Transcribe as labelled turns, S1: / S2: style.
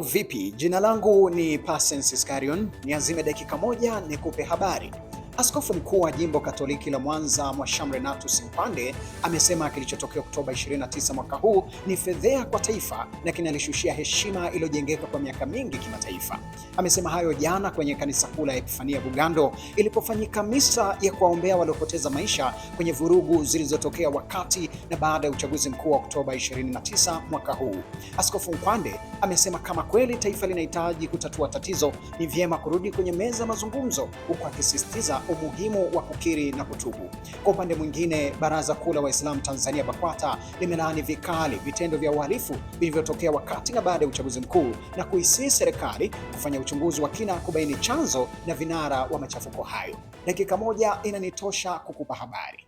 S1: vipi? Jina langu ni Pasense ni niazime dakika moja nikupe habari. Askofu mkuu wa jimbo Katoliki la Mwanza Mhashamu Renatus Mpande amesema kilichotokea Oktoba 29 mwaka huu ni fedheha kwa taifa na kinalishushia heshima iliyojengeka kwa miaka mingi kimataifa. Amesema hayo jana kwenye kanisa kuu la Epifania Bugando ilipofanyika misa ya kuwaombea waliopoteza maisha kwenye vurugu zilizotokea wakati na baada ya uchaguzi mkuu wa Oktoba 29 mwaka huu. Askofu Mpande amesema kama kweli taifa linahitaji kutatua tatizo, ni vyema kurudi kwenye meza ya mazungumzo, huku akisisitiza umuhimu wa kukiri na kutubu. Kwa upande mwingine, Baraza Kuu la Waislamu Tanzania BAKWATA limelaani vikali vitendo vya uhalifu vilivyotokea wakati na baada ya uchaguzi mkuu na kuisii serikali kufanya uchunguzi wa kina kubaini chanzo na vinara wa machafuko hayo. Dakika moja inanitosha kukupa habari.